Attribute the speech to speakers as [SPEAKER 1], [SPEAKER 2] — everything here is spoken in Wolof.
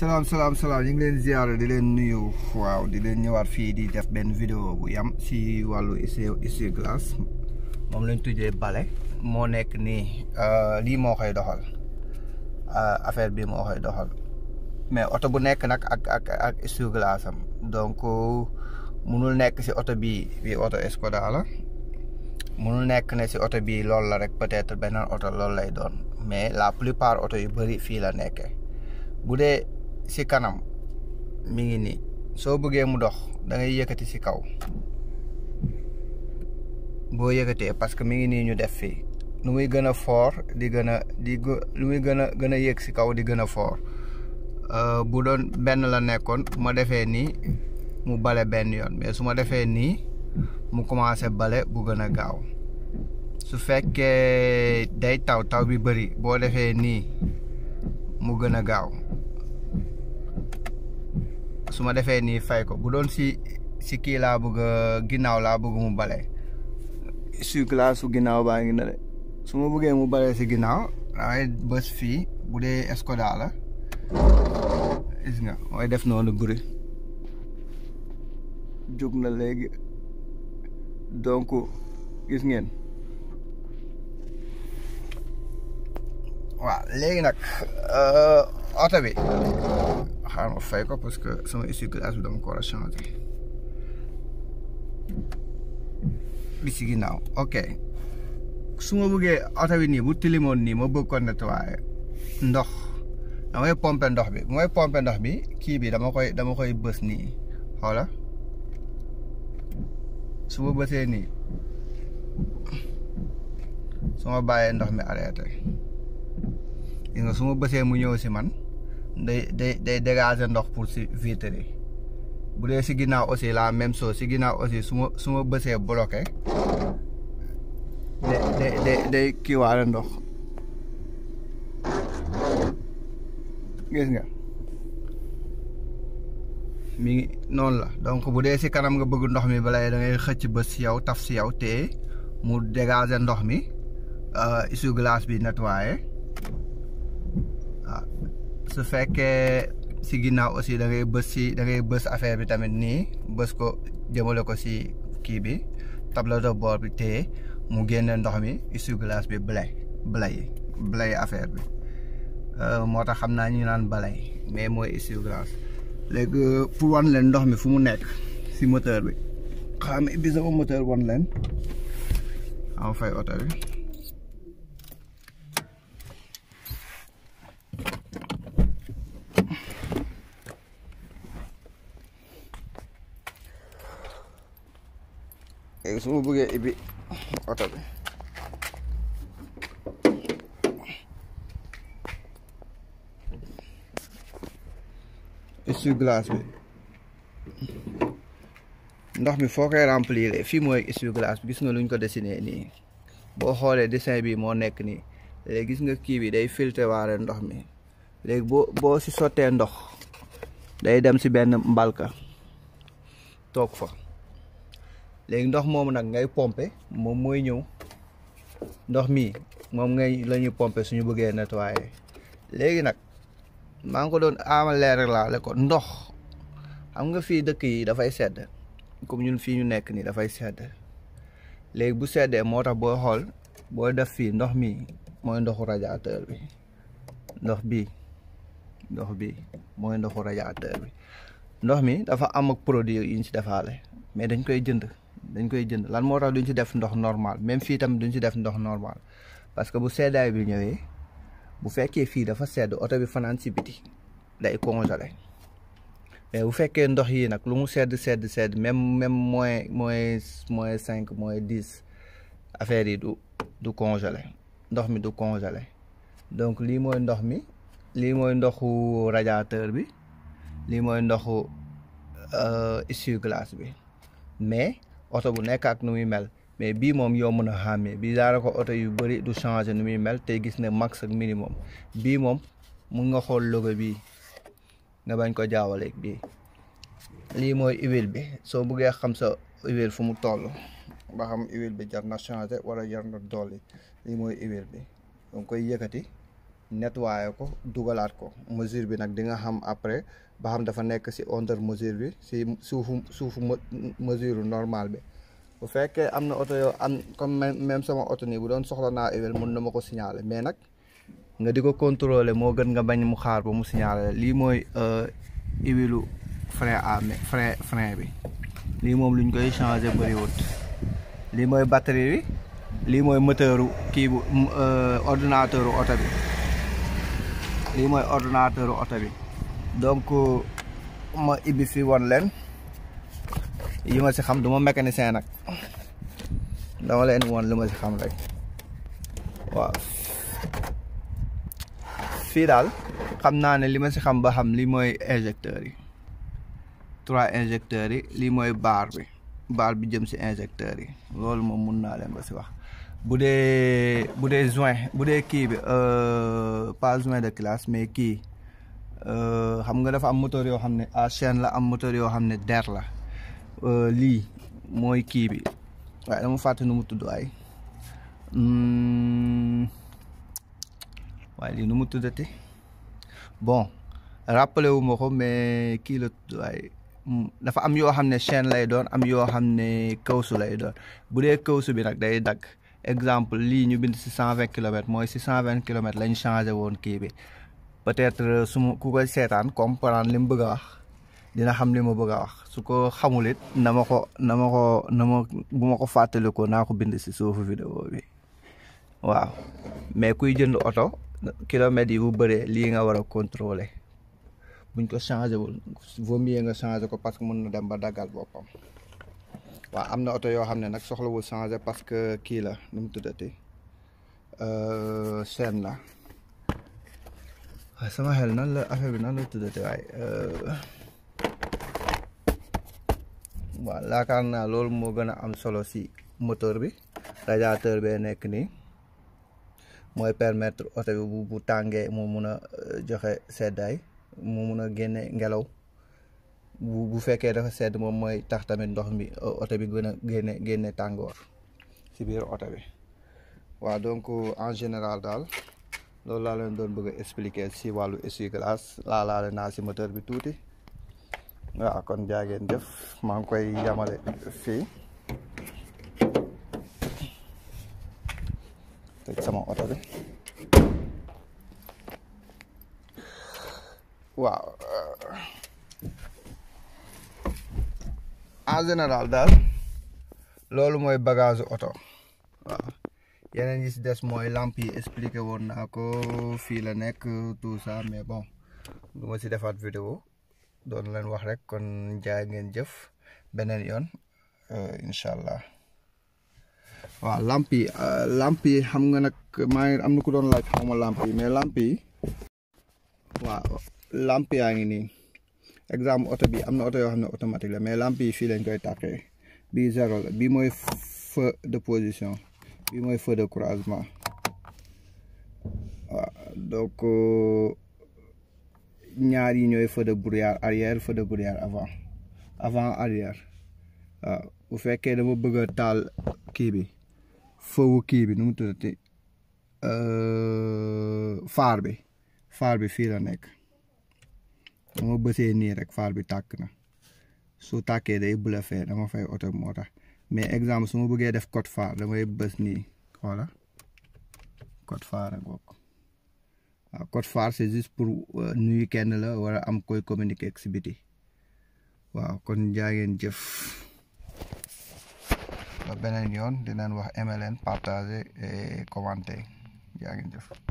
[SPEAKER 1] salaam salaam salaam ñu ngi leen ziyaare di leen nuyu waaw di leen ñëwaat fii di def benn vidéo bu yam si wàllu essuie glace moom lañ tuddee bale moo nekk nii euh, lii moo koy doxal euh, affaire bi moo koy doxal mais oto bu nekk nag ak ak ak essuie glace am donc munul nekk si oto bii bii oto Skoda la munul nekk ne si oto bii loolu la rek peut-être beneen oto loolu lay doon mais la plupart oto yu bëri fii la nekkee bu si kanam mu ngi nii soo buggee mu dox da ngay yëkkati si kaw boo yëkkatee parce que mi ngi nii ñu def fii lu muy gën a fort di gën a di lu muy gën a gën a yéeg si kaw di gën a fort euh, bu doon benn la nekkoon bu ma defee nii mu bale benn yoon mais su ma defee nii mu commencé bale bu gën a gaaw su fekkee day taw taw bi bëri boo defee nii mu gën a gaaw su ma defee nii fay ko bu doon si si kii laa bëgg ginnaaw laa bëgg mu bale surclasse su ginnaaw baa ngi ne de su ma bëggee mu bale si ginnaaw waaye bés fii bu dee Escoda la gis nga mooy def noonu bruit jub na léegi donc gis ngeen waaw léegi nag euh, oto bi xaaral ma fay ko parce que sama essuie-glace bi dama ko war a changer bi ci ginnaaw ok su ma bëggee oto bi nii bu tilimoon nii ma bëgg ko nettoyer ndox damay pompe ndox bi bu pompe ndox bi kii bi dama koy dama koy bës nii xoola su ma bësee nii su ma bàyyee ndox mi arrêté gis su ma bësee mu ñëw si man day day day dégager ndox pour si vitres yi bu dee si ginnaaw aussi la même so si ginnaaw aussi su ma su ma bësee bloqué day day day day ndox gis nga mi ngi noonu la donc bu dee si kanam nga bëgg ndox mi bala da ngay xëcc bës si yow taf si yow te mu dégager ndox mi euh, essuie-glace bi nettoyé su fekkee si ginnaaw aussi da ngay bës si da ngay bës affaire bi tamit nii bës ko jëmale ko si kii bi tableau de bord bi téye mu génne ndox mi essuie-glace bi balay balay balay affaire bi euh, moo tax xam naa ñu naan balay mais mooy essuie-glace léegi euh, pour wan ndox mi fu mu nekk si moteur bi xam ibbi sama moteur wan leen am fay oto bi su ma bëggee ibbi oto bi essuie-glace bi ndox mi foo koy remplir fii mooy essuie-glace bi gis nga luñ ko dessiné nii boo xoolee dessin bi moo nekk nii léegi gis nga kii bi day filtre waare ndox mi léegi boo boo si sottee ndox day dem si benn mbalka toog fa léegi ndox moomu nag ngay pompe moom mooy ñëw ndox mi moom ngay lañuy pompe pomper suñu bëggee nettoyer léegi nag maa ngi ko doon amal leer rek laa ko ndox xam nga fii dëkk yi dafay sedd comme ñun fii ñu nekk nii dafay sedd léegi bu seddee moo tax boo xool boo def fii ndox mi mooy ndoxu radiateur bi ndox bii ndox bi mooy ndoxu radiateur bi ndox mi dafa am ak produit yi ñu si defaale mais dañ koy jënd dañ koy jënd lan moo tax duñ ci def ndox normal même fii tam duñ ci def ndox normal parce que bu seddaay bi ñëwee bu fekkee fii dafa sedd oto bi fanaan ci biti day congelé mais bu fekkee ndox yi nag lu mu sedd sedd sedd même même moins moins moins cinq moins dix affaire yi du du congelé ndox mi du congelé donc lii mooy ndox mi lii mooy ndoxu radiateur bi lii mooy ndoxu euh, essuie-glace bi mais oto bu nekk nu muy mel mais bii moom yomb na a xàmmee bii ko oto yu bëri du changé nu muy mel tey gis ne max ak minimum bii moom mun nga xool logo bii nga bañ ko jaawaleeg bii lii mooy huile bi soo buggee xam sa huile fu mu toll ba xam huile bi jar na changé wala jar na dolli lii mooy huile bi donc koy yëkkati nettoyé ko dugalaat ko mesure bi nag di nga xam après ba xam dafa nekk si onder mesure bi si suufu suufu mesure normal bi bu fekkee am na oto yoo am comme même sama oto nii bu doon soxla naa huile mën na ma ko signaler mais nag nga di ko contrôler moo gën nga bañ mu xaar ba mu signaler lii mooy euh, huile frein à frein frein bi lii moom luñ koy changer bëriwut lii mooy batterie bi lii mooy moteur kii bu euh, ordinateur oto bi lii mooy ordinateur oto bi donc ma ibbi fi woon leen yi ma si xam du ma mécanicien nag dama leen won li ma si xam rek waaw fii daal xam naa ne li ma si xam ba xam lii mooy injecteurs yi trois injecteurs yi lii mooy baar bi baar bi jëm si injecteurs yi loolu moom mun naa leen ba si wax bu dee bu dee juin bu dee kii bi euh, pas juin de classe mais kii euh, xam nga dafa am moteur yoo xam ne à chaîne la am moteur yoo xam ne der la euh, lii mooy kii bi waaye dama fàtte nu mu tudd ay hmm. waaye lii nu mu tuddati bon rappelé wu ma ko mais kii la tudd ay dafa am yoo xam ne chaîne lay doon am yoo xam ne kawsu lay doon bu dee kawsu bi nag day dagg exemple lii ñu bind si cent vingt kilomètres mooy si cent vingt kilomètres lañ changé woon kii bi peut-être euh, suma ma ku koy seetaan comprendre li mu bëgg wax dina xam li ma bëgg wax su ko xamul na ma ko na ma ko na ma bu ma ko fàttalikoo naa ko bind si suufu vidéo bi waaw mais kuy jënd oto kilomètres yi bu bëree lii nga war a contrôler buñ ko changé woon vaut nga changé ko parce que mën na dem ba daggal boppam waaw am na oto yoo xam ne nag soxlawul changer parce que kii la nu mu tuddati euh, seen la sama xel nan la affaire bi nan la tuddati waaye euh, waaw laakaar naa loolu moo gën a am solo si moteur bi radiateur bee nekk nii mooy permettre oto bi bu bu tàngee mu mun a euh, joxe seddaay mu mun a génne ngelaw bu bu fekkee dafa sedd moom mooy tax tamit ndox mi euh, oto bi gën a génne génne tàngoor si biir oto bi waaw donc en général daal loolu laa leen doon bëgg a si wàllu essuie-glace laa naa si moteur bi tuuti waaw kon jaageen jëf maa ngi koy yamale fii tëj sama oto bi waaw en général daal loolu mooy bagage oto waaw yeneen yi si des mooy lamp yi expliqué woon naa ko fii la nekk tout ça mais bon du ma si defaat vidéo doon leen wax rek kon jaay ngeen jëf beneen yoon euh, incha allah waaw lamp yi euh, lamp yi xam nga nag maa ngi am na ku doon laaj xaw ma yi mais lamp yi waaw lamp yaa ngi nii exemple oto bi am na oto yoo xam ne automatique la mais lampe yi fii lañ koy tàkkee bii zéro mooy de position bii mooy feu de croisement waaw donc euh, ñaar yi ñooy feu de brouillard arrière feu de brouillard avant avant arrière waaw bu fekkee dama bëgg a taal kii bi feu kii bi nu mu tuddati faar euh, bi faar bi fii la nekk dama bësee nii rek faar bi tàkk na su tàkkee day bluffé dama fay oto moo tax mais exemple suma ma bëggee def code faar damay bës nii xoola code faar ak bokk waaw faar c'est juste pour euh, nuyu kenn la wala am koy communique ak si biti waaw kon jaa ngeen jëf ba beneen yoon dinaan wax aimer leen commenter